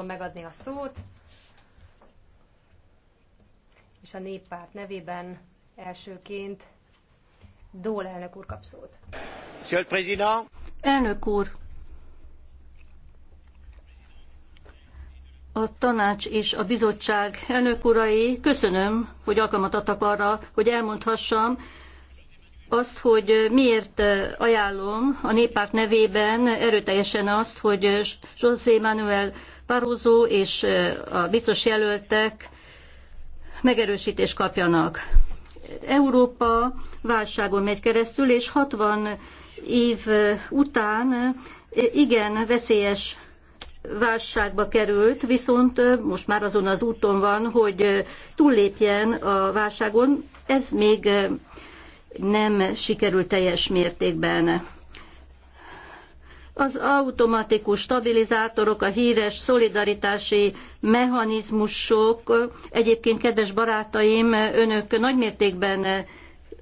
fogom megadni a szót, és a néppárt nevében elsőként Dól elnök úr kap szót. Elnök úr, a tanács és a bizottság elnök urai, köszönöm, hogy alkalmat adtak arra, hogy elmondhassam azt, hogy miért ajánlom a néppárt nevében erőteljesen azt, hogy José Manuel Barózó és a biztos jelöltek megerősítést kapjanak. Európa válságon megy keresztül, és 60 év után igen veszélyes válságba került, viszont most már azon az úton van, hogy túllépjen a válságon. Ez még nem sikerült teljes mértékben. Az automatikus stabilizátorok, a híres szolidaritási mechanizmusok, egyébként kedves barátaim, önök nagymértékben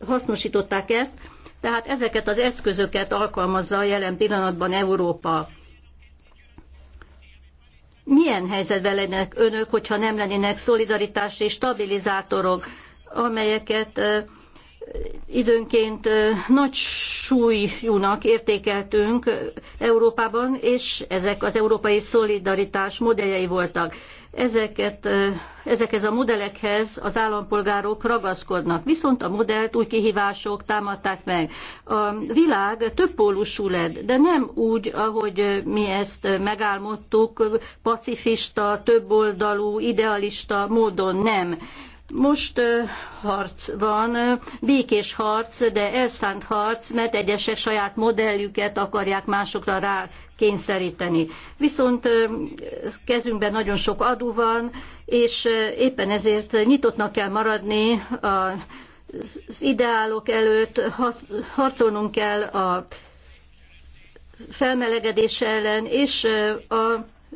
hasznosították ezt, tehát ezeket az eszközöket alkalmazza jelen pillanatban Európa. Milyen helyzetben lennének önök, hogyha nem lennének szolidaritási stabilizátorok, amelyeket időnként nagy súlyúnak értékeltünk Európában, és ezek az európai szolidaritás modelljei voltak. Ezeket, ezekhez a modellekhez az állampolgárok ragaszkodnak, viszont a modellt új kihívások támadták meg. A világ pólusú lett, de nem úgy, ahogy mi ezt megálmodtuk, pacifista, többoldalú, idealista módon nem most harc van, békés harc, de elszánt harc, mert egyesek saját modelljüket akarják másokra rá kényszeríteni. Viszont kezünkben nagyon sok adó van, és éppen ezért nyitottnak kell maradni az ideálok előtt, harcolnunk kell a felmelegedés ellen, és a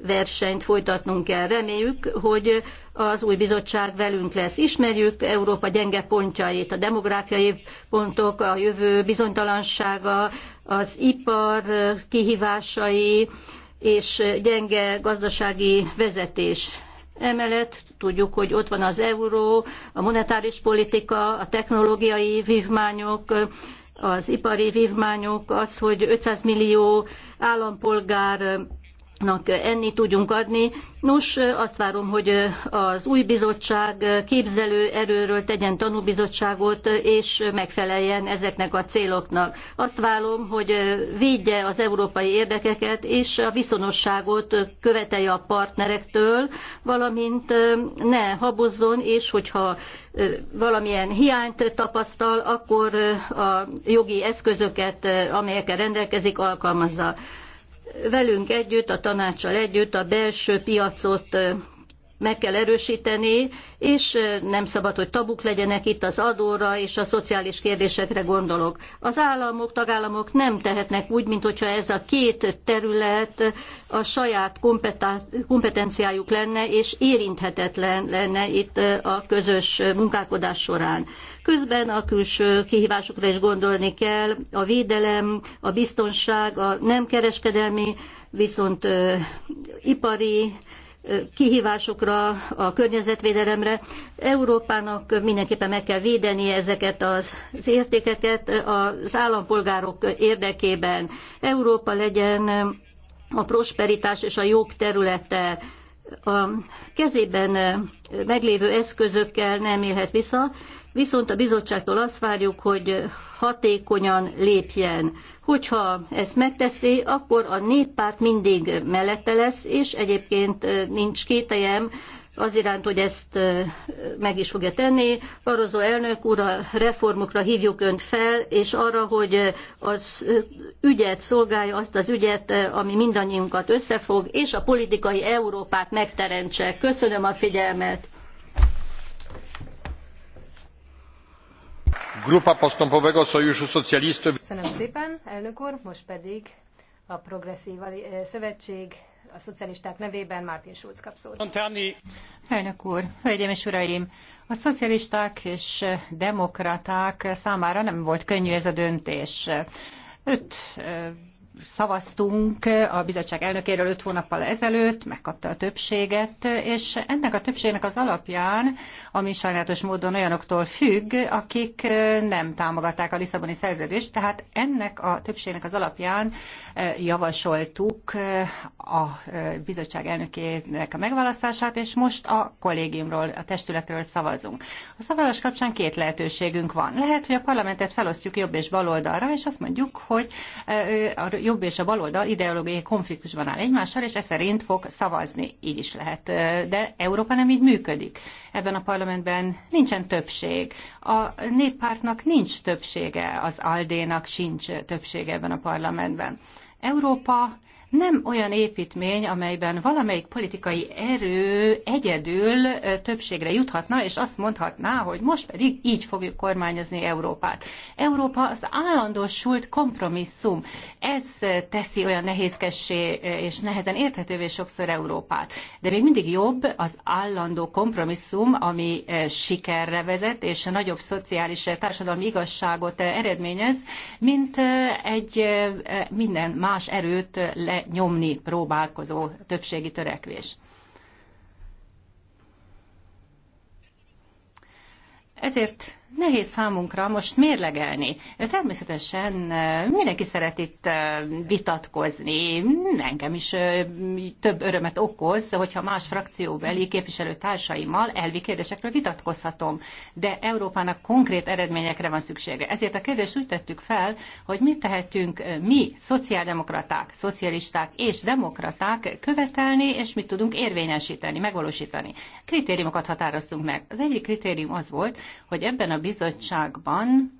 versenyt folytatnunk kell. Reméljük, hogy az új bizottság velünk lesz. Ismerjük Európa gyenge pontjait, a demográfiai pontok, a jövő bizonytalansága, az ipar kihívásai és gyenge gazdasági vezetés. Emellett tudjuk, hogy ott van az euró, a monetáris politika, a technológiai vívmányok, az ipari vívmányok, az, hogy 500 millió állampolgár enni tudjunk adni. Nos, azt várom, hogy az új bizottság képzelő erőről tegyen tanúbizottságot, és megfeleljen ezeknek a céloknak. Azt várom, hogy védje az európai érdekeket, és a viszonosságot követelje a partnerektől, valamint ne habozzon, és hogyha valamilyen hiányt tapasztal, akkor a jogi eszközöket, amelyekkel rendelkezik, alkalmazza velünk együtt, a tanácssal együtt a belső piacot meg kell erősíteni, és nem szabad, hogy tabuk legyenek itt az adóra és a szociális kérdésekre gondolok. Az államok, tagállamok nem tehetnek úgy, mint hogyha ez a két terület a saját kompetenciájuk lenne, és érinthetetlen lenne itt a közös munkálkodás során. Közben a külső kihívásokra is gondolni kell, a védelem, a biztonság, a nem kereskedelmi, viszont ipari, kihívásokra, a környezetvédelemre. Európának mindenképpen meg kell védeni ezeket az értékeket az állampolgárok érdekében. Európa legyen a prosperitás és a jog területe a kezében meglévő eszközökkel nem élhet vissza, viszont a bizottságtól azt várjuk, hogy hatékonyan lépjen. Hogyha ezt megteszi, akkor a néppárt mindig mellette lesz, és egyébként nincs kételjem az iránt, hogy ezt meg is fogja tenni. Barozó elnök úr, a reformokra hívjuk önt fel, és arra, hogy az ügyet szolgálja, azt az ügyet, ami mindannyiunkat összefog, és a politikai Európát megteremtse. Köszönöm a figyelmet! Grupa Postępowego Sojuszu Szocjalistów. Köszönöm szépen, elnök úr, most pedig a Progresszív Szövetség a szocialisták nevében Martin Schulz kap szót. Elnök úr, hölgyeim és uraim! A szocialisták és demokraták számára nem volt könnyű ez a döntés. Öt szavaztunk a bizottság elnökéről öt hónappal ezelőtt, megkapta a többséget, és ennek a többségnek az alapján, ami sajnálatos módon olyanoktól függ, akik nem támogatták a Lisszaboni szerződést, tehát ennek a többségnek az alapján javasoltuk a bizottság elnökének a megválasztását, és most a kollégiumról, a testületről szavazunk. A szavazás kapcsán két lehetőségünk van. Lehet, hogy a parlamentet felosztjuk jobb és baloldalra, és azt mondjuk, hogy a jobb és a baloldal ideológiai konfliktusban áll egymással, és ez szerint fog szavazni. Így is lehet. De Európa nem így működik. Ebben a parlamentben nincsen többség. A néppártnak nincs többsége, az Aldénak sincs többsége ebben a parlamentben. Európa nem olyan építmény, amelyben valamelyik politikai erő egyedül többségre juthatna, és azt mondhatná, hogy most pedig így fogjuk kormányozni Európát. Európa az állandósult kompromisszum. Ez teszi olyan nehézkessé és nehezen érthetővé sokszor Európát. De még mindig jobb az állandó kompromisszum, ami sikerre vezet, és a nagyobb szociális társadalmi igazságot eredményez, mint egy minden más erőt le nyomni próbálkozó többségi törekvés. Ezért nehéz számunkra most mérlegelni. Természetesen mindenki szeret itt vitatkozni, engem is több örömet okoz, hogyha más frakcióbeli társaimmal elvi kérdésekről vitatkozhatom, de Európának konkrét eredményekre van szüksége. Ezért a kérdést úgy tettük fel, hogy mit tehetünk mi, szociáldemokraták, szocialisták és demokraták követelni, és mit tudunk érvényesíteni, megvalósítani. Kritériumokat határoztunk meg. Az egyik kritérium az volt, hogy ebben a bizottságban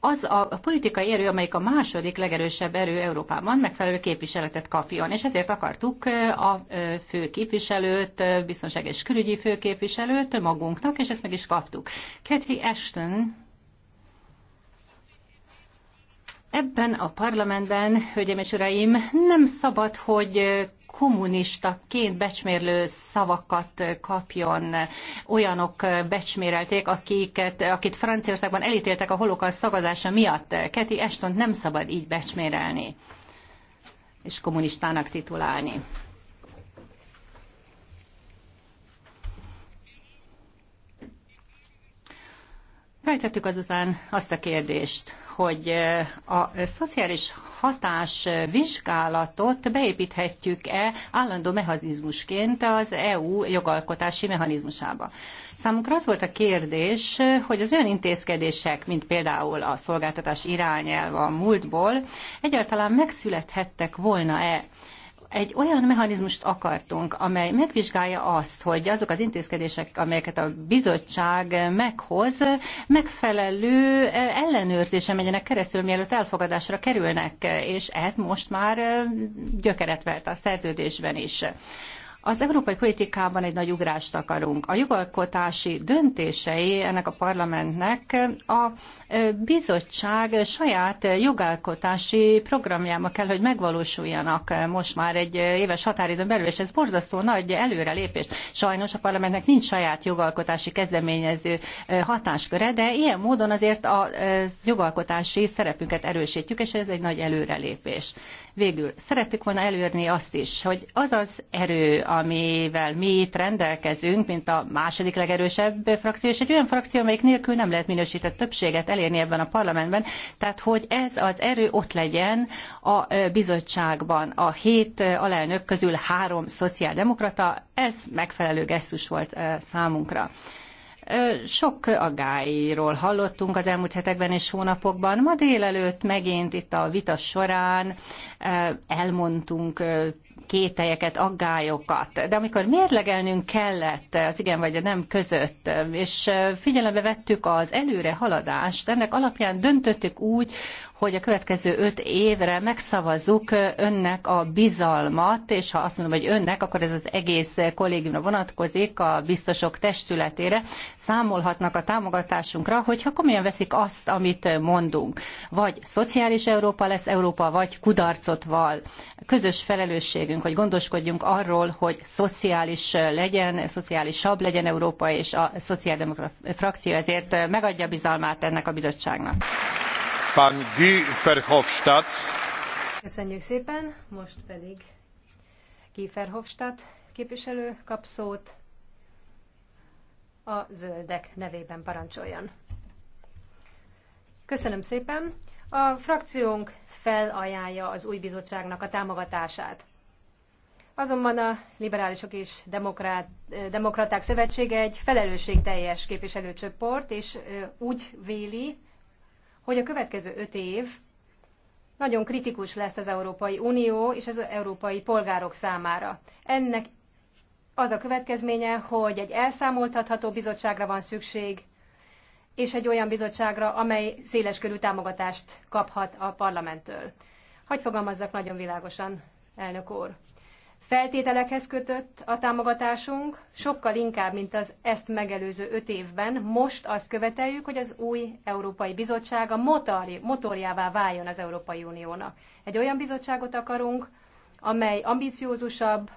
az a politikai erő, amelyik a második legerősebb erő Európában megfelelő képviseletet kapjon. És ezért akartuk a fő képviselőt, biztonság és külügyi főképviselőt magunknak, és ezt meg is kaptuk. Cathy Ashton Ebben a parlamentben, hölgyeim és uraim, nem szabad, hogy kommunistaként becsmérlő szavakat kapjon. Olyanok becsmérelték, akiket, akit Franciaországban elítéltek a holokausz szagazása miatt. Keti Eston nem szabad így becsmérelni és kommunistának titulálni. Feltettük azután azt a kérdést, hogy eh, a szociális hatás vizsgálatot beépíthetjük-e állandó mechanizmusként az EU jogalkotási mechanizmusába. Számunkra az volt a kérdés, hogy az olyan intézkedések, mint például a szolgáltatás irányelv a múltból, egyáltalán megszülethettek volna-e egy olyan mechanizmust akartunk, amely megvizsgálja azt, hogy azok az intézkedések, amelyeket a bizottság meghoz, megfelelő e, ellenőrzése menjenek keresztül, mielőtt elfogadásra kerülnek, és ez most már e, gyökeret vert a szerződésben is. Az európai politikában egy nagy ugrást akarunk. A jogalkotási döntései ennek a parlamentnek a bizottság saját jogalkotási programjába kell, hogy megvalósuljanak most már egy éves határidőn belül, és ez borzasztó nagy előrelépés. Sajnos a parlamentnek nincs saját jogalkotási kezdeményező hatásköre, de ilyen módon azért a jogalkotási szerepünket erősítjük, és ez egy nagy előrelépés. Végül szerettük volna előrni azt is, hogy az az erő, amivel mi itt rendelkezünk, mint a második legerősebb frakció, és egy olyan frakció, amelyik nélkül nem lehet minősített többséget elérni ebben a parlamentben, tehát hogy ez az erő ott legyen a bizottságban. A hét alelnök közül három szociáldemokrata, ez megfelelő gesztus volt számunkra. Sok agályról hallottunk az elmúlt hetekben és hónapokban. Ma délelőtt megint itt a vita során elmondtunk kételyeket, aggályokat. De amikor mérlegelnünk kellett az igen vagy a nem között, és figyelembe vettük az előre haladást, ennek alapján döntöttük úgy, hogy a következő öt évre megszavazzuk önnek a bizalmat, és ha azt mondom, hogy önnek, akkor ez az egész kollégiumra vonatkozik, a biztosok testületére, számolhatnak a támogatásunkra, hogyha komolyan veszik azt, amit mondunk. Vagy szociális Európa lesz Európa, vagy kudarcot val. Közös felelősség kötelességünk, hogy gondoskodjunk arról, hogy szociális legyen, szociálisabb legyen Európa, és a szociáldemokrata frakció ezért megadja bizalmát ennek a bizottságnak. Pán Guy Verhofstadt. Köszönjük szépen, most pedig Guy Verhofstadt képviselő kap szót a zöldek nevében parancsoljon. Köszönöm szépen. A frakciónk felajánlja az új bizottságnak a támogatását. Azonban a liberálisok és demokrát, demokraták szövetsége egy felelősségteljes képviselőcsoport, és úgy véli, hogy a következő öt év nagyon kritikus lesz az Európai Unió és az európai polgárok számára. Ennek az a következménye, hogy egy elszámoltatható bizottságra van szükség, és egy olyan bizottságra, amely széleskörű támogatást kaphat a parlamenttől. Hogy fogalmazzak nagyon világosan, elnök úr feltételekhez kötött a támogatásunk, sokkal inkább, mint az ezt megelőző öt évben. Most azt követeljük, hogy az új Európai Bizottság a motori, motorjává váljon az Európai Uniónak. Egy olyan bizottságot akarunk, amely ambiciózusabb,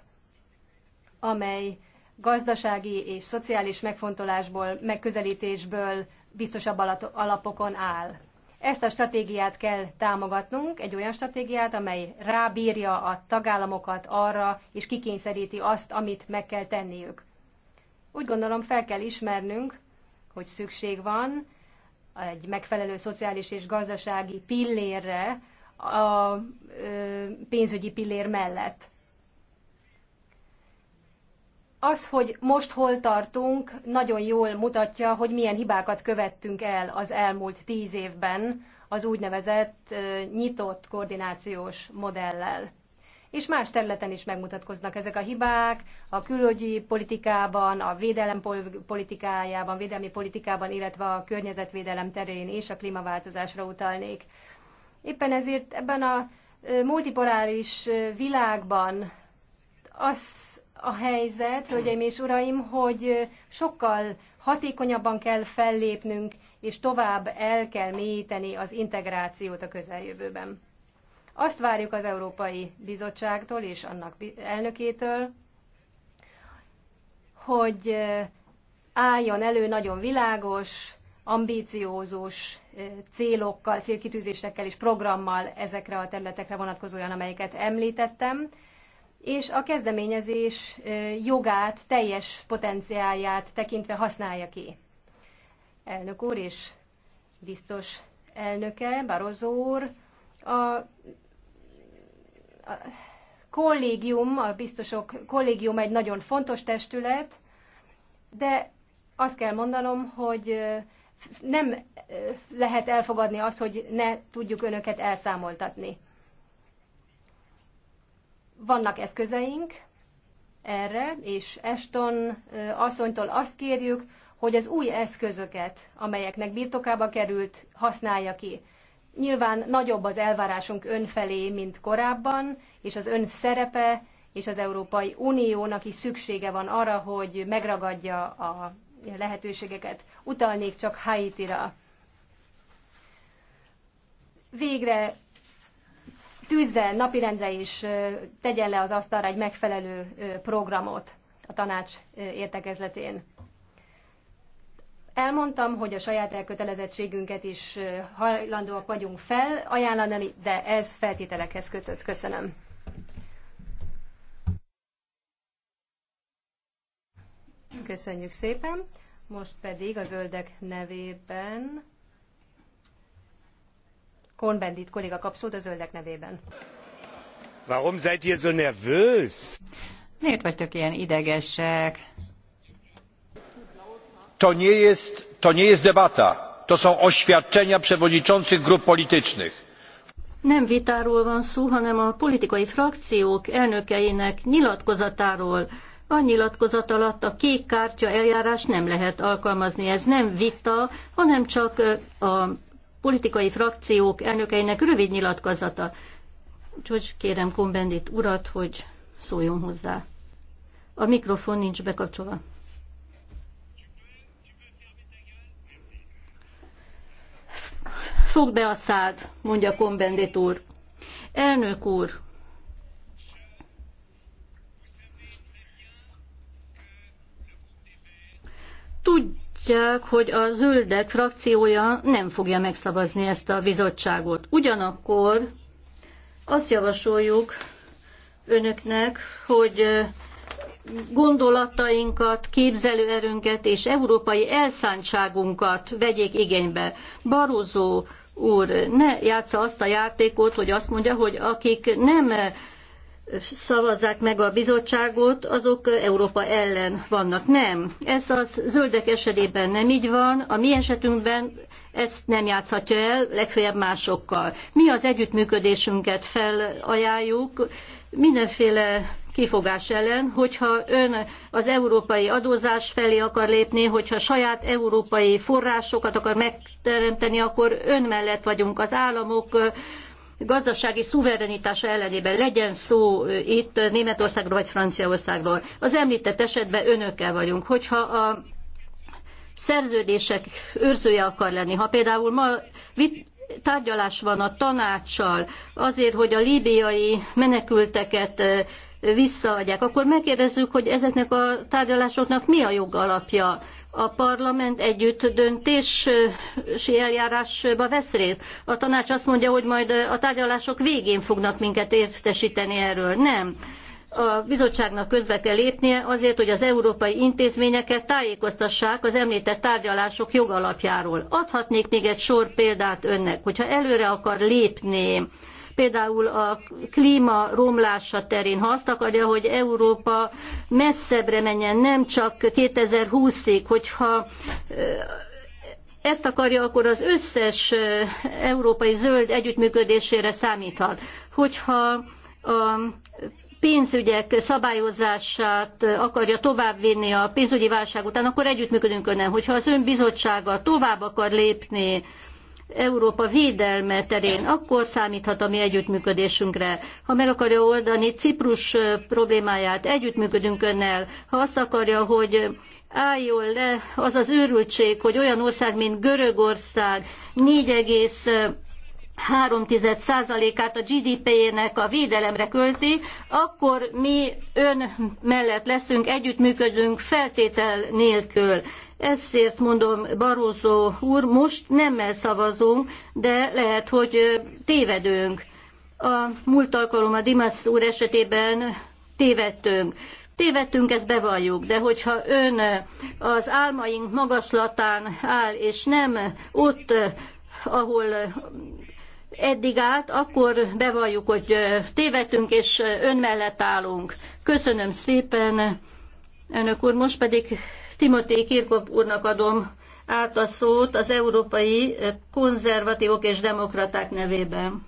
amely gazdasági és szociális megfontolásból, megközelítésből biztosabb alapokon áll. Ezt a stratégiát kell támogatnunk, egy olyan stratégiát, amely rábírja a tagállamokat arra, és kikényszeríti azt, amit meg kell tenniük. Úgy gondolom fel kell ismernünk, hogy szükség van egy megfelelő szociális és gazdasági pillérre a pénzügyi pillér mellett az, hogy most hol tartunk, nagyon jól mutatja, hogy milyen hibákat követtünk el az elmúlt tíz évben az úgynevezett nyitott koordinációs modellel. És más területen is megmutatkoznak ezek a hibák, a külügyi politikában, a védelem politikájában, védelmi politikában, illetve a környezetvédelem terén és a klímaváltozásra utalnék. Éppen ezért ebben a multipoláris világban azt a helyzet, hölgyeim és uraim, hogy sokkal hatékonyabban kell fellépnünk, és tovább el kell mélyíteni az integrációt a közeljövőben. Azt várjuk az Európai Bizottságtól és annak elnökétől, hogy álljon elő nagyon világos, ambíciózus célokkal, célkitűzésekkel és programmal ezekre a területekre vonatkozóan, amelyeket említettem, és a kezdeményezés jogát, teljes potenciálját tekintve használja ki. Elnök úr és biztos elnöke, Barozó úr, a, a kollégium, a biztosok kollégium egy nagyon fontos testület, de azt kell mondanom, hogy nem lehet elfogadni azt, hogy ne tudjuk önöket elszámoltatni. Vannak eszközeink erre, és Eston asszonytól azt kérjük, hogy az új eszközöket, amelyeknek birtokába került, használja ki. Nyilván nagyobb az elvárásunk önfelé, mint korábban, és az ön szerepe és az Európai Uniónak is szüksége van arra, hogy megragadja a lehetőségeket. Utalnék csak Haitira. Végre tűzze napirendre és tegyen le az asztalra egy megfelelő programot a tanács értekezletén. Elmondtam, hogy a saját elkötelezettségünket is hajlandóak vagyunk felajánlani, de ez feltételekhez kötött. Köszönöm. Köszönjük szépen. Most pedig a zöldek nevében Kohn-Bendit kolléga kap szót a zöldek nevében. Warum seid ihr so nervös? Miért vagytok ilyen idegesek? To nie jest, to nie jest debata. To są oświadczenia przewodniczących grup politycznych. Nem vitáról van szó, hanem a politikai frakciók elnökeinek nyilatkozatáról. A nyilatkozat alatt a kék kártya eljárás nem lehet alkalmazni. Ez nem vita, hanem csak a politikai frakciók elnökeinek rövid nyilatkozata. Úgyhogy kérem Kumbendit urat, hogy szóljon hozzá. A mikrofon nincs bekapcsolva. Fogd be a szád, mondja Kombendit úr. Elnök úr, tudj, látják, hogy a zöldek frakciója nem fogja megszavazni ezt a bizottságot. Ugyanakkor azt javasoljuk önöknek, hogy gondolatainkat, képzelőerőnket és európai elszántságunkat vegyék igénybe. Barozó úr, ne játsza azt a játékot, hogy azt mondja, hogy akik nem szavazzák meg a bizottságot, azok Európa ellen vannak. Nem, ez az zöldek esetében nem így van, a mi esetünkben ezt nem játszhatja el, legfeljebb másokkal. Mi az együttműködésünket felajánljuk mindenféle kifogás ellen, hogyha ön az európai adózás felé akar lépni, hogyha saját európai forrásokat akar megteremteni, akkor ön mellett vagyunk az államok, gazdasági szuverenitása ellenében legyen szó itt Németországról vagy Franciaországról. Az említett esetben önökkel vagyunk. Hogyha a szerződések őrzője akar lenni, ha például ma vit, tárgyalás van a tanácssal azért, hogy a líbiai menekülteket visszaadják, akkor megkérdezzük, hogy ezeknek a tárgyalásoknak mi a jogalapja a parlament együtt döntési eljárásba vesz részt. A tanács azt mondja, hogy majd a tárgyalások végén fognak minket értesíteni erről. Nem a bizottságnak közbe kell lépnie azért, hogy az európai intézményeket tájékoztassák az említett tárgyalások jogalapjáról. Adhatnék még egy sor példát önnek, hogyha előre akar lépni például a klíma romlása terén. Ha azt akarja, hogy Európa messzebbre menjen, nem csak 2020-ig, hogyha ezt akarja, akkor az összes európai zöld együttműködésére számíthat. Hogyha a pénzügyek szabályozását akarja továbbvinni a pénzügyi válság után, akkor együttműködünk önnel. Hogyha az ön bizottsága tovább akar lépni Európa védelme terén, akkor számíthat a mi együttműködésünkre. Ha meg akarja oldani Ciprus problémáját, együttműködünk önnel. Ha azt akarja, hogy álljon le az az őrültség, hogy olyan ország, mint Görögország 4, 3%-át a GDP-jének a védelemre költi, akkor mi ön mellett leszünk, együttműködünk feltétel nélkül. Ezért mondom, Barózó úr, most nemmel szavazunk, de lehet, hogy tévedünk. A múlt alkalommal Dimas úr esetében tévedtünk. Tévedtünk, ezt bevalljuk, de hogyha ön az álmaink magaslatán áll, és nem ott, ahol eddig állt, akkor bevalljuk, hogy tévedtünk, és ön mellett állunk. Köszönöm szépen, önök úr, most pedig Timothy Kirkop úrnak adom át a szót az európai konzervatívok és demokraták nevében.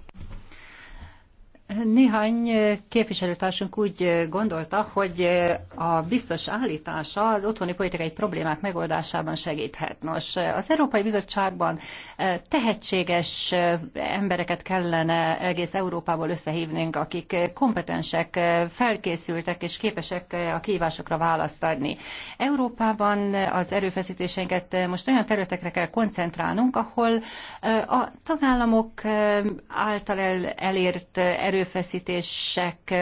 Néhány képviselőtársunk úgy gondolta, hogy a biztos állítása az otthoni politikai problémák megoldásában segíthet. Nos, az Európai Bizottságban eh, tehetséges eh, embereket kellene egész Európából összehívnünk, akik eh, kompetensek, felkészültek és képesek a kihívásokra választ adni. Európában az erőfeszítéseinket most olyan területekre kell koncentrálnunk, ahol a tagállamok által elért erő erőfeszítések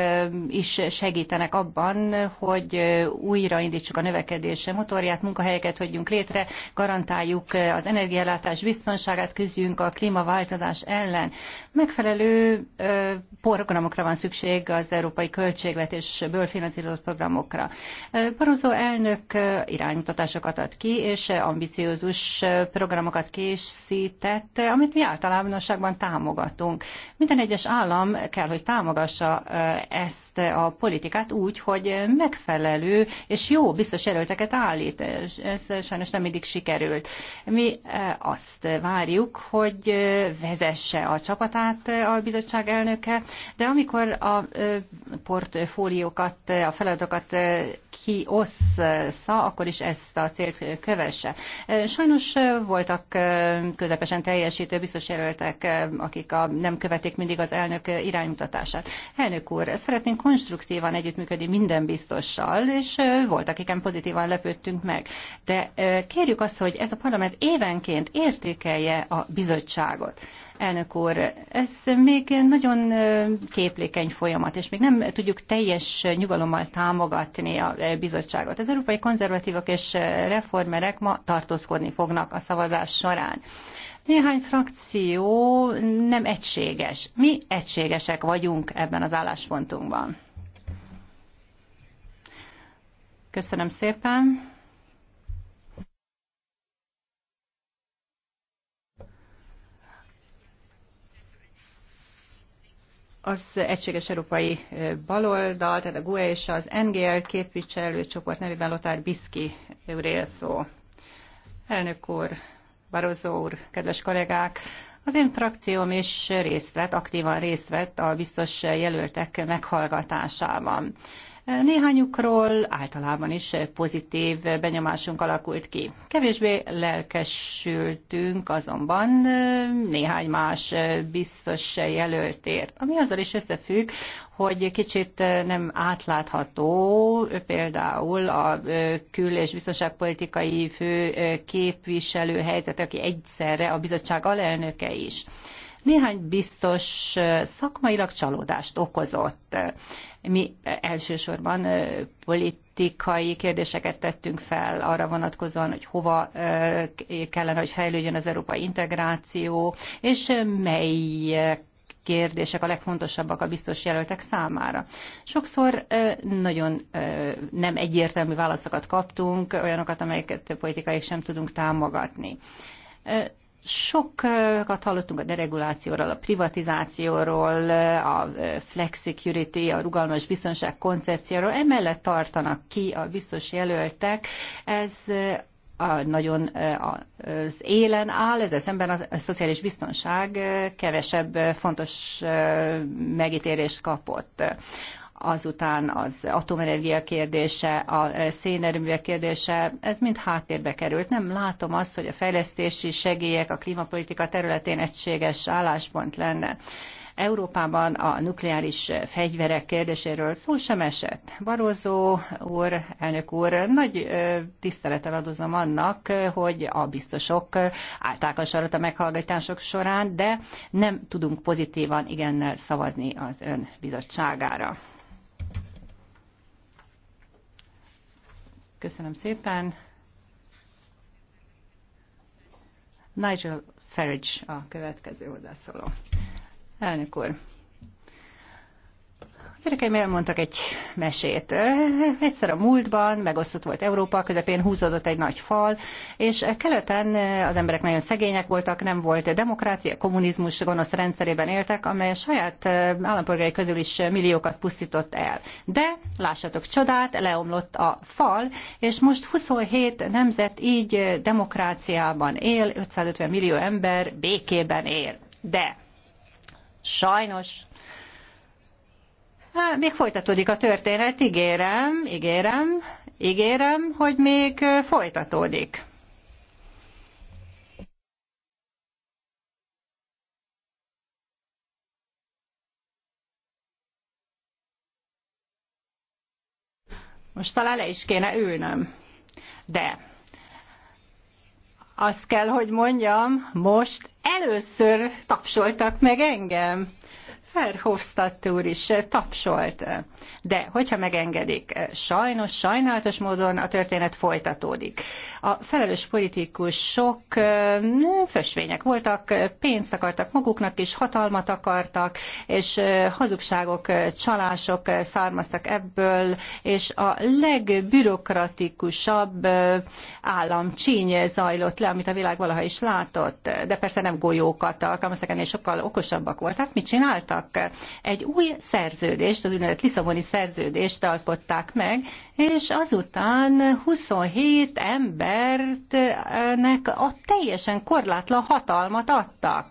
is segítenek abban, hogy újraindítsuk a növekedés motorját, munkahelyeket hagyjunk létre, garantáljuk az energiállátás biztonságát, küzdjünk a klímaváltozás ellen. Megfelelő programokra van szükség az európai költségvetésből finanszírozott programokra. Barozó elnök iránymutatásokat ad ki, és ambiciózus programokat készített, amit mi általánosságban támogatunk. Minden egyes állam kell, hogy támogassa ezt a politikát úgy, hogy megfelelő és jó biztos jelölteket állít. Ez sajnos nem mindig sikerült. Mi azt várjuk, hogy vezesse a csapatát, munkát a bizottság elnöke, de amikor a portfóliókat, a feladatokat kiossza, akkor is ezt a célt kövesse. Sajnos voltak közepesen teljesítő biztos jelöltek, akik a, nem követik mindig az elnök iránymutatását. Elnök úr, szeretnénk konstruktívan együttműködni minden biztossal, és voltak, akiken pozitívan lepődtünk meg. De kérjük azt, hogy ez a parlament évenként értékelje a bizottságot. Elnök úr, ez még nagyon képlékeny folyamat, és még nem tudjuk teljes nyugalommal támogatni a bizottságot. Az európai konzervatívok és reformerek ma tartózkodni fognak a szavazás során. Néhány frakció nem egységes. Mi egységesek vagyunk ebben az álláspontunkban. Köszönöm szépen. az Egységes Európai Baloldal, tehát a GUE és az NGL képviselőcsoport nevében Lothar Biszki őrél szó. Elnök úr, Barozó úr, kedves kollégák! Az én frakcióm is részt vett, aktívan részt vett a biztos jelöltek meghallgatásában. Néhányukról általában is pozitív benyomásunk alakult ki. Kevésbé lelkesültünk azonban néhány más biztos jelöltért, ami azzal is összefügg, hogy kicsit nem átlátható például a kül- és biztonságpolitikai fő képviselő helyzet, aki egyszerre a bizottság alelnöke is néhány biztos szakmailag csalódást okozott. Mi elsősorban politikai kérdéseket tettünk fel arra vonatkozóan, hogy hova kellene, hogy fejlődjön az európai integráció, és melyek kérdések a legfontosabbak a biztos jelöltek számára. Sokszor nagyon nem egyértelmű válaszokat kaptunk, olyanokat, amelyeket politikai sem tudunk támogatni. Sokat hallottunk a deregulációról, a privatizációról, a flexicurity, a rugalmas biztonság koncepcióról. Emellett tartanak ki a biztos jelöltek. Ez a, nagyon az élen áll, ezzel szemben a, a szociális biztonság kevesebb fontos megítélést kapott azután az atomenergia kérdése, a szénerőművek kérdése, ez mind háttérbe került. Nem látom azt, hogy a fejlesztési segélyek a klímapolitika területén egységes álláspont lenne. Európában a nukleáris fegyverek kérdéséről szó sem esett. Barozó úr, elnök úr, nagy tisztelettel adozom annak, hogy a biztosok állták a sarat a meghallgatások során, de nem tudunk pozitívan igennel szavazni az ön bizottságára. Köszönöm szépen. Nigel Farage a következő hozzászóló. Elnök úr, a gyerekeim elmondtak egy mesét. Egyszer a múltban megosztott volt Európa, közepén húzódott egy nagy fal, és keleten az emberek nagyon szegények voltak, nem volt demokrácia, kommunizmus gonosz rendszerében éltek, amely a saját állampolgári közül is milliókat pusztított el. De, lássatok csodát, leomlott a fal, és most 27 nemzet így demokráciában él, 550 millió ember békében él. De sajnos még folytatódik a történet, ígérem, ígérem, ígérem, hogy még folytatódik. Most talán le is kéne ülnöm. De azt kell, hogy mondjam, most először tapsoltak meg engem. Verhofstadt úr is eh, tapsolt. De, hogyha megengedik, eh, sajnos, sajnálatos módon a történet folytatódik. A felelős politikusok eh, fösvények voltak, pénzt akartak maguknak is, hatalmat akartak, és hazugságok, csalások származtak ebből, és a legbürokratikusabb államcsíny zajlott le, amit a világ valaha is látott. De persze nem golyókat alkalmaztak, ennél sokkal okosabbak voltak. Mit csináltak? voltak. Egy új szerződést, az úgynevezett Lisszaboni szerződést alkották meg, és azután 27 embertnek eh, a teljesen korlátlan hatalmat adtak.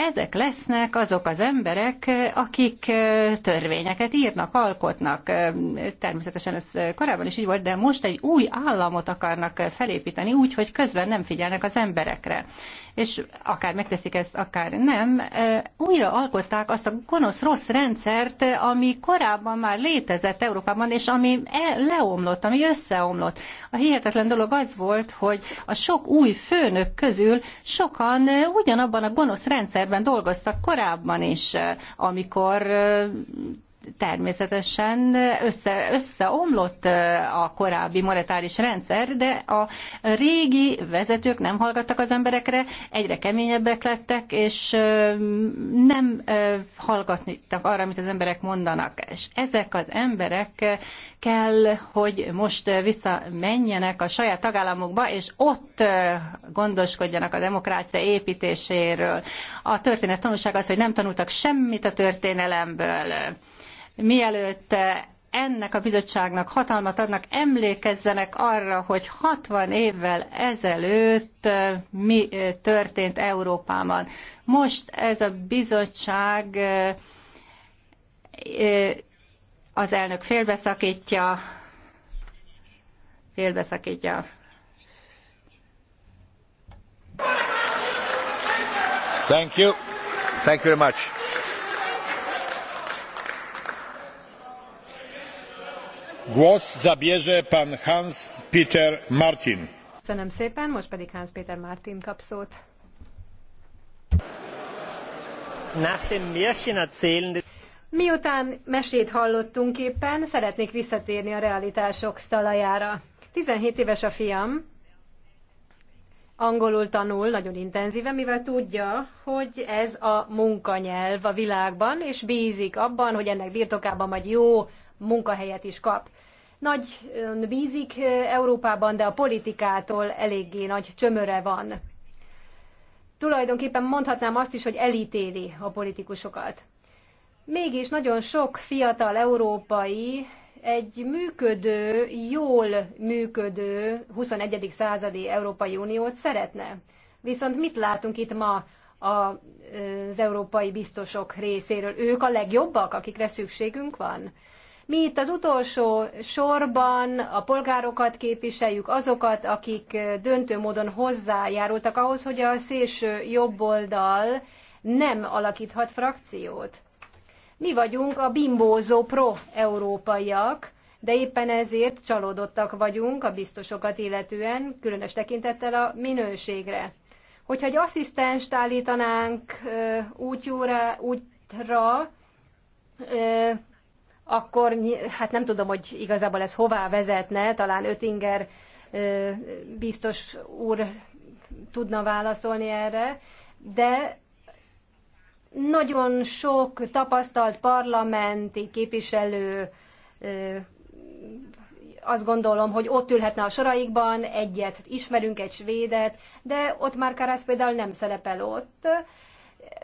Ezek lesznek azok az emberek, akik törvényeket írnak, alkotnak. Természetesen ez korábban is így volt, de most egy új államot akarnak felépíteni úgy, hogy közben nem figyelnek az emberekre és akár megteszik ezt, akár nem, újra alkották azt a gonosz rossz rendszert, ami korábban már létezett Európában, és ami e, leomlott, ami összeomlott. A hihetetlen dolog az volt, hogy a sok új főnök közül sokan ugyanabban a gonosz rendszer rendszerben dolgoztak korábban is, eh, amikor eh, természetesen össze, összeomlott eh, a korábbi monetáris rendszer, de a régi vezetők nem hallgattak az emberekre, egyre keményebbek lettek, és nem hallgatnak arra, amit az emberek mondanak. És ezek az emberek kell, hogy most visszamenjenek a saját tagállamokba, és ott gondoskodjanak a demokrácia építéséről. A történet tanulság az, hogy nem tanultak semmit a történelemből. Mielőtt ennek a bizottságnak hatalmat adnak, emlékezzenek arra, hogy 60 évvel ezelőtt mi történt Európában. Most ez a bizottság az elnök félbeszakítja, félbeszakítja. Thank you. Thank you very much. Głos zabierze pan Hans Peter Martin. Köszönöm szépen, most pedig Hans Peter Martin kap szót. Nach dem Märchen erzählen Miután mesét hallottunk éppen, szeretnék visszatérni a realitások talajára. 17 éves a fiam, angolul tanul nagyon intenzíven, mivel tudja, hogy ez a munkanyelv a világban, és bízik abban, hogy ennek birtokában majd jó munkahelyet is kap. Nagy bízik Európában, de a politikától eléggé nagy csömöre van. Tulajdonképpen mondhatnám azt is, hogy elítéli a politikusokat. Mégis nagyon sok fiatal európai egy működő, jól működő 21. századi Európai Uniót szeretne. Viszont mit látunk itt ma az európai biztosok részéről? Ők a legjobbak, akikre szükségünk van? Mi itt az utolsó sorban a polgárokat képviseljük, azokat, akik döntő módon hozzájárultak ahhoz, hogy a szélső jobboldal nem alakíthat frakciót. Mi vagyunk a bimbózó pro-európaiak, de éppen ezért csalódottak vagyunk a biztosokat illetően, különös tekintettel a minőségre. Hogyha egy asszisztenst állítanánk útjóra, útra, akkor hát nem tudom, hogy igazából ez hová vezetne, talán Ötinger biztos úr tudna válaszolni erre, de nagyon sok tapasztalt parlamenti képviselő azt gondolom, hogy ott ülhetne a soraikban, egyet ismerünk, egy svédet, de ott már Karász például nem szerepel ott.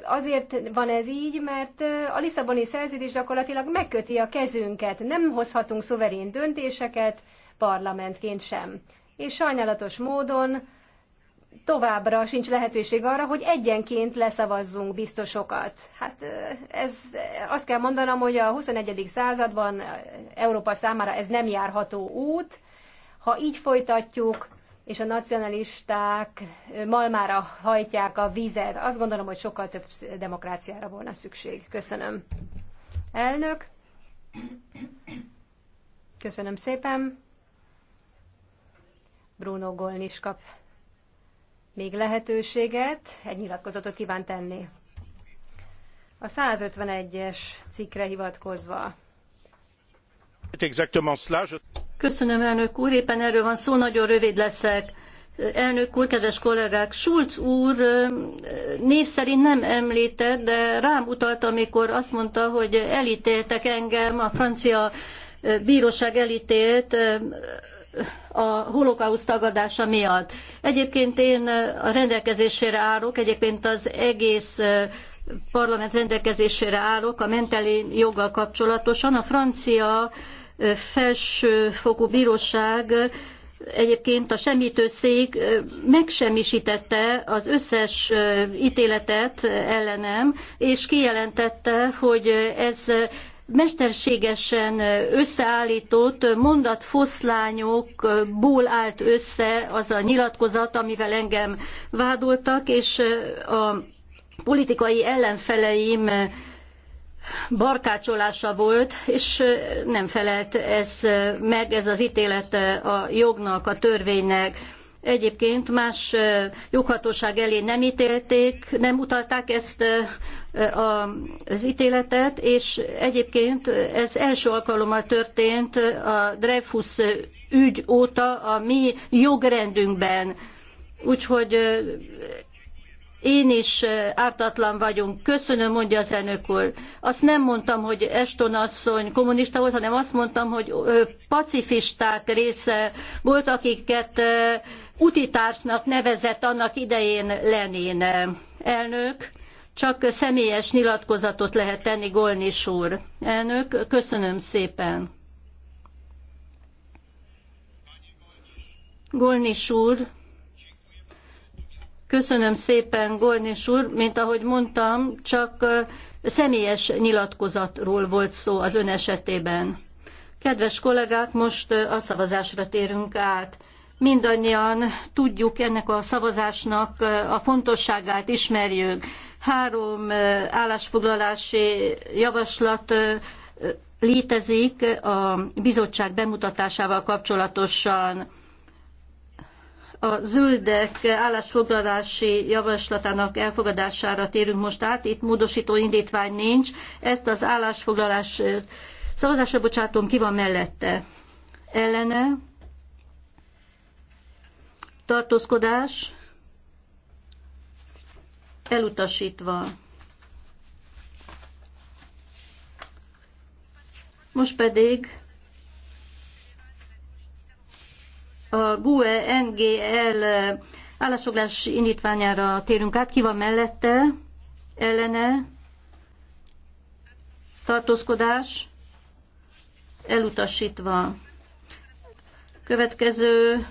Azért van ez így, mert a Lisszaboni szerződés gyakorlatilag megköti a kezünket, nem hozhatunk szuverén döntéseket, parlamentként sem. És sajnálatos módon továbbra sincs lehetőség arra, hogy egyenként leszavazzunk biztosokat. Hát ez, azt kell mondanom, hogy a 21. században Európa számára ez nem járható út. Ha így folytatjuk, és a nacionalisták malmára hajtják a vizet, azt gondolom, hogy sokkal több demokráciára volna szükség. Köszönöm. Elnök. Köszönöm szépen. Bruno Golnis kap még lehetőséget, egy nyilatkozatot kíván tenni. A 151-es cikkre hivatkozva. Köszönöm, elnök úr, éppen erről van szó, nagyon rövid leszek. Elnök úr, kedves kollégák, Schulz úr név szerint nem említett, de rám utalt, amikor azt mondta, hogy elítéltek engem, a francia bíróság elítélt a holokauszt tagadása miatt. Egyébként én a rendelkezésére állok, egyébként az egész parlament rendelkezésére állok a menteli joggal kapcsolatosan. A francia felsőfokú bíróság egyébként a semmitőszék megsemmisítette az összes ítéletet ellenem, és kijelentette, hogy ez mesterségesen összeállított mondatfoszlányokból állt össze az a nyilatkozat, amivel engem vádoltak, és a politikai ellenfeleim barkácsolása volt, és nem felelt ez meg, ez az ítélet a jognak, a törvénynek. Egyébként más joghatóság elé nem ítélték, nem utalták ezt az ítéletet, és egyébként ez első alkalommal történt a Dreyfus ügy óta a mi jogrendünkben. Úgyhogy én is ártatlan vagyunk. Köszönöm, mondja az elnök úr. Azt nem mondtam, hogy Eston asszony kommunista volt, hanem azt mondtam, hogy pacifisták része volt, akiket utitársnak nevezett annak idején Lenin eh, elnök. Csak személyes nyilatkozatot lehet tenni, Golnis úr. Elnök, köszönöm szépen. Golnis úr, köszönöm szépen, Golnis úr. Mint ahogy mondtam, csak eh, személyes nyilatkozatról volt szó az ön esetében. Kedves kollégák, most eh, a szavazásra térünk át mindannyian tudjuk ennek a szavazásnak eh, a fontosságát, ismerjük. Három eh, állásfoglalási javaslat eh, létezik a bizottság bemutatásával kapcsolatosan. A zöldek állásfoglalási javaslatának elfogadására térünk most át. Itt módosító indítvány nincs. Ezt az állásfoglalás szavazásra bocsátom, ki van mellette? Ellene? tartózkodás elutasítva. Most pedig a GUE NGL állásfoglás indítványára térünk át. Ki van mellette? Ellene? Tartózkodás? Elutasítva. Következő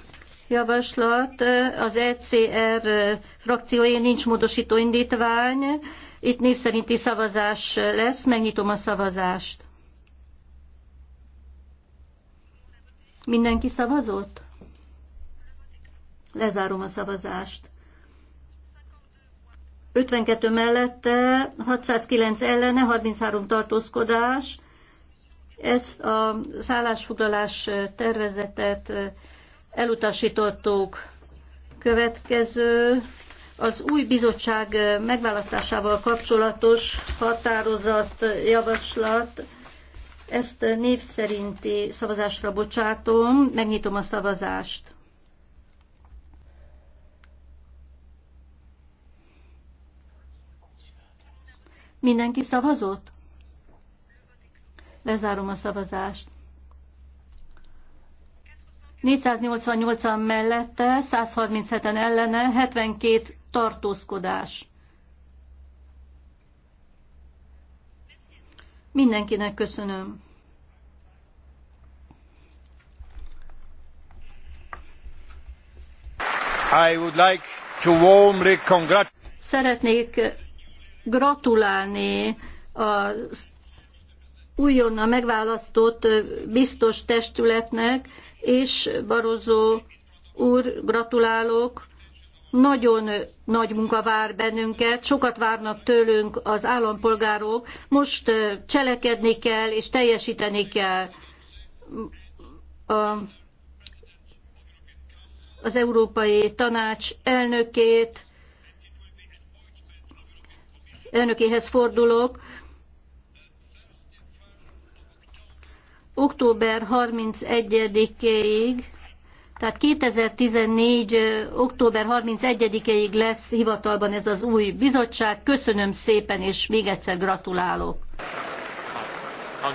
javaslat. Az ECR frakciójén nincs módosító indítvány. Itt név szerinti szavazás lesz. Megnyitom a szavazást. Mindenki szavazott? Lezárom a szavazást. 52 mellette, 609 ellene, 33 tartózkodás. Ezt a szállásfoglalás tervezetet elutasítottuk. Következő az új bizottság megválasztásával kapcsolatos határozat, javaslat, ezt név szerinti szavazásra bocsátom, megnyitom a szavazást. Mindenki szavazott? Lezárom a szavazást. 488-an mellette, 137-en ellene, 72 tartózkodás. Mindenkinek köszönöm. I would like to warmly Szeretnék gratulálni az újonnan megválasztott biztos testületnek, és Barozó úr, gratulálok, nagyon nagy munka vár bennünket, sokat várnak tőlünk az állampolgárok, most cselekedni kell és teljesíteni kell. A, az Európai Tanács elnökét, elnökéhez fordulok, október 31 ig tehát 2014. október 31 ig lesz hivatalban ez az új bizottság. Köszönöm szépen, és még egyszer gratulálok. Uh,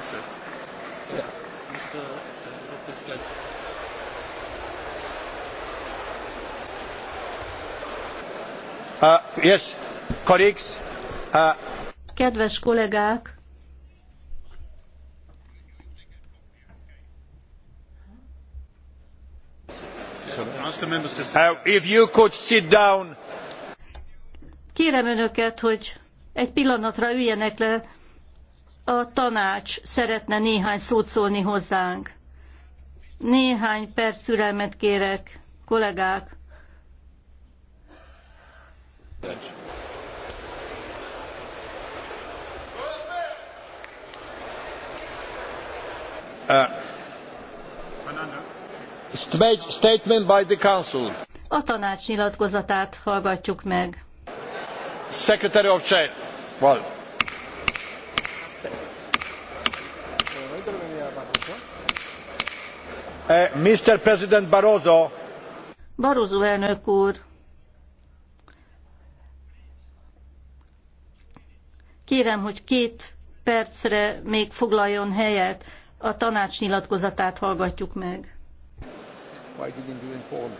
uh, yes, colleagues. Uh... Kedves kollégák! Kérem önöket, hogy egy pillanatra üljenek le. A tanács szeretne néhány szót szólni hozzánk. Néhány perc türelmet kérek, kollégák. Statement by the Council. A tanács nyilatkozatát hallgatjuk meg. Secretary of State. Well. Uh, Mr. President Barroso. Barroso elnök úr. Kérem, hogy két percre még foglaljon helyet, a tanács nyilatkozatát hallgatjuk meg. Why didn't you inform?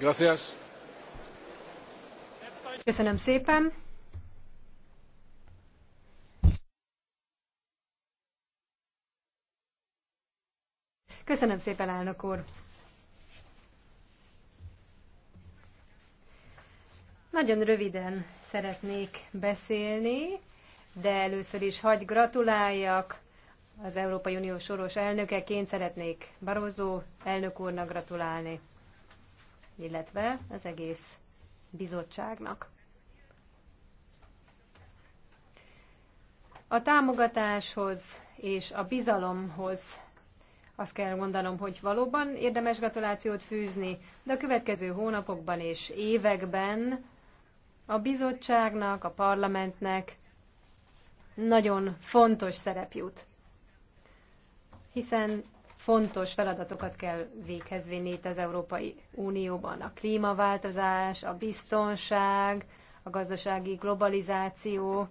Gracias. Köszönöm szépen. Köszönöm szépen, elnök úr. Nagyon röviden szeretnék beszélni, de először is hagy gratuláljak az Európai Unió soros elnökeként szeretnék Barozó elnök úrnak gratulálni, illetve az egész bizottságnak. A támogatáshoz és a bizalomhoz azt kell mondanom, hogy valóban érdemes gratulációt fűzni, de a következő hónapokban és években a bizottságnak, a parlamentnek nagyon fontos szerep jut hiszen fontos feladatokat kell véghez vinni itt az Európai Unióban. A klímaváltozás, a biztonság, a gazdasági globalizáció,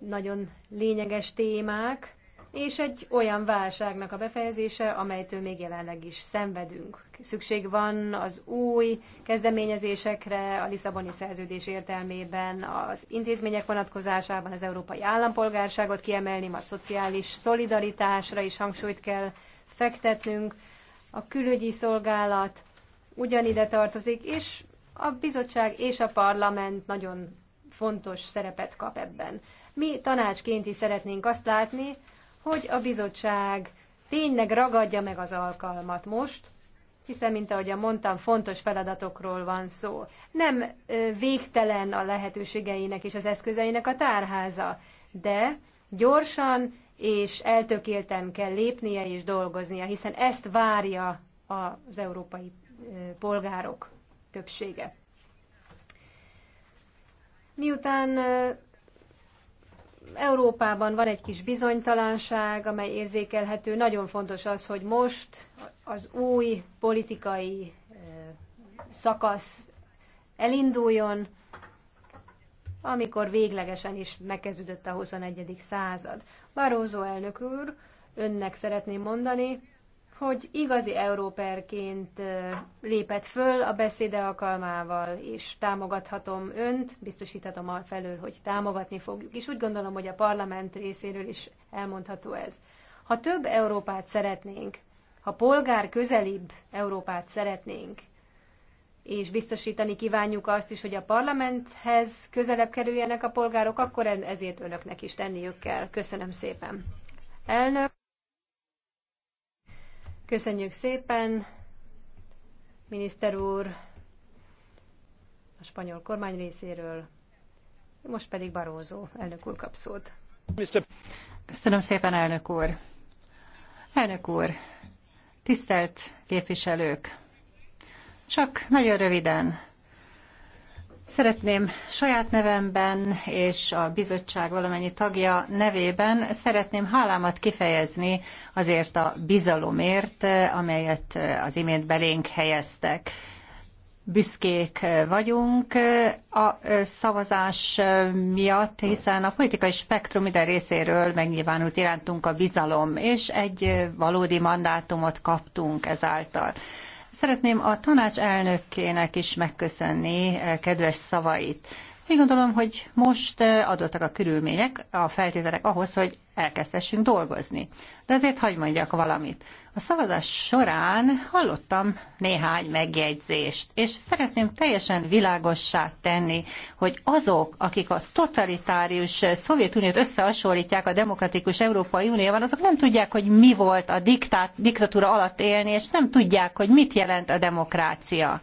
nagyon lényeges témák, és egy olyan válságnak a befejezése, amelytől még jelenleg is szenvedünk. Szükség van az új kezdeményezésekre, a Lisszaboni szerződés értelmében, az intézmények vonatkozásában az európai állampolgárságot kiemelni, a szociális szolidaritásra is hangsúlyt kell fektetnünk, a külügyi szolgálat ugyanide tartozik, és a bizottság és a parlament nagyon fontos szerepet kap ebben. Mi tanácsként is szeretnénk azt látni, hogy a bizottság tényleg ragadja meg az alkalmat most, hiszen, mint ahogyan mondtam, fontos feladatokról van szó. Nem végtelen a lehetőségeinek és az eszközeinek a tárháza, de gyorsan és eltökélten kell lépnie és dolgoznia, hiszen ezt várja az európai polgárok többsége. Miután Európában van egy kis bizonytalanság, amely érzékelhető. Nagyon fontos az, hogy most az új politikai eh, szakasz elinduljon, amikor véglegesen is megkezdődött a 21. század. Barózó elnök úr, önnek szeretném mondani, hogy igazi európerként lépett föl a beszéde alkalmával, és támogathatom önt, biztosíthatom a felől, hogy támogatni fogjuk. És úgy gondolom, hogy a parlament részéről is elmondható ez. Ha több Európát szeretnénk, ha polgár közelibb Európát szeretnénk, és biztosítani kívánjuk azt is, hogy a parlamenthez közelebb kerüljenek a polgárok, akkor ezért önöknek is tenniük kell. Köszönöm szépen. Elnök. Köszönjük szépen, miniszter úr, a spanyol kormány részéről, most pedig Barózó elnök úr kap szót. Köszönöm szépen, elnök úr. Elnök úr, tisztelt képviselők! Csak nagyon röviden Szeretném saját nevemben és a bizottság valamennyi tagja nevében szeretném hálámat kifejezni azért a bizalomért, amelyet az imént belénk helyeztek büszkék vagyunk a szavazás miatt, hiszen a politikai spektrum ide részéről megnyilvánult irántunk a bizalom, és egy valódi mandátumot kaptunk ezáltal. Szeretném a tanács elnökének is megköszönni eh, kedves szavait. Úgy gondolom, hogy most eh, adottak a körülmények, a feltételek ahhoz, hogy elkezdhessünk dolgozni. De azért hagyd mondjak valamit. A szavazás során hallottam néhány megjegyzést, és szeretném teljesen világossá tenni, hogy azok, akik a totalitárius Szovjetuniót összehasonlítják a demokratikus Európai Unióval, azok nem tudják, hogy mi volt a diktát, diktatúra alatt élni, és nem tudják, hogy mit jelent a demokrácia.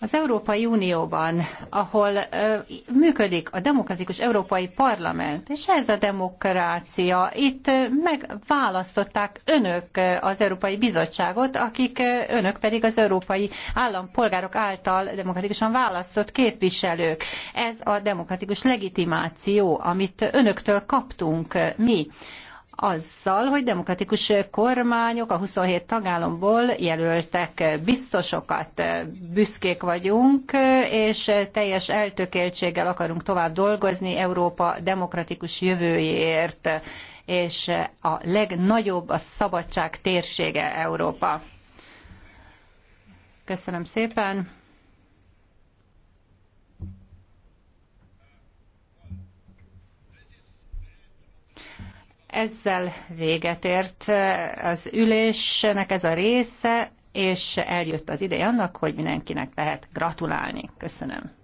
Az Európai Unióban, ahol működik a demokratikus Európai Parlament, és ez a demokrácia, itt megválasztották önök az Európai Bizottságot, akik önök pedig az európai állampolgárok által demokratikusan választott képviselők. Ez a demokratikus legitimáció, amit önöktől kaptunk mi azzal, hogy demokratikus kormányok a 27 tagállamból jelöltek biztosokat. Büszkék vagyunk, és teljes eltökéltséggel akarunk tovább dolgozni Európa demokratikus jövőjéért, és a legnagyobb a szabadság térsége Európa. Köszönöm szépen! Ezzel véget ért eh, az ülésnek ez a része, és eljött az ideje annak, hogy mindenkinek lehet gratulálni. Köszönöm.